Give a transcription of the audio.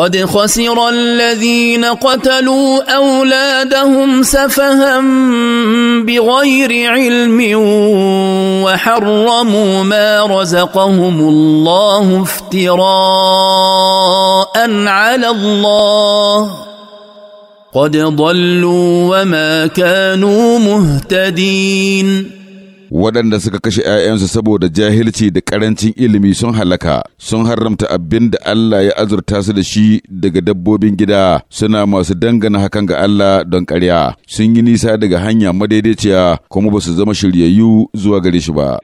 قد خسر الذين قتلوا اولادهم سفها بغير علم وحرموا ما رزقهم الله افتراء على الله قد ضلوا وما كانوا مهتدين waɗanda suka kashe 'ya'yansu saboda jahilci da ƙarancin ilimi sun halaka sun haramta abin da Allah ya azurta su da shi daga dabbobin gida suna masu dangana hakan ga Allah don ƙarya sun yi nisa daga hanya madaidaiciya kuma ba su zama shiryayyu zuwa gare shi ba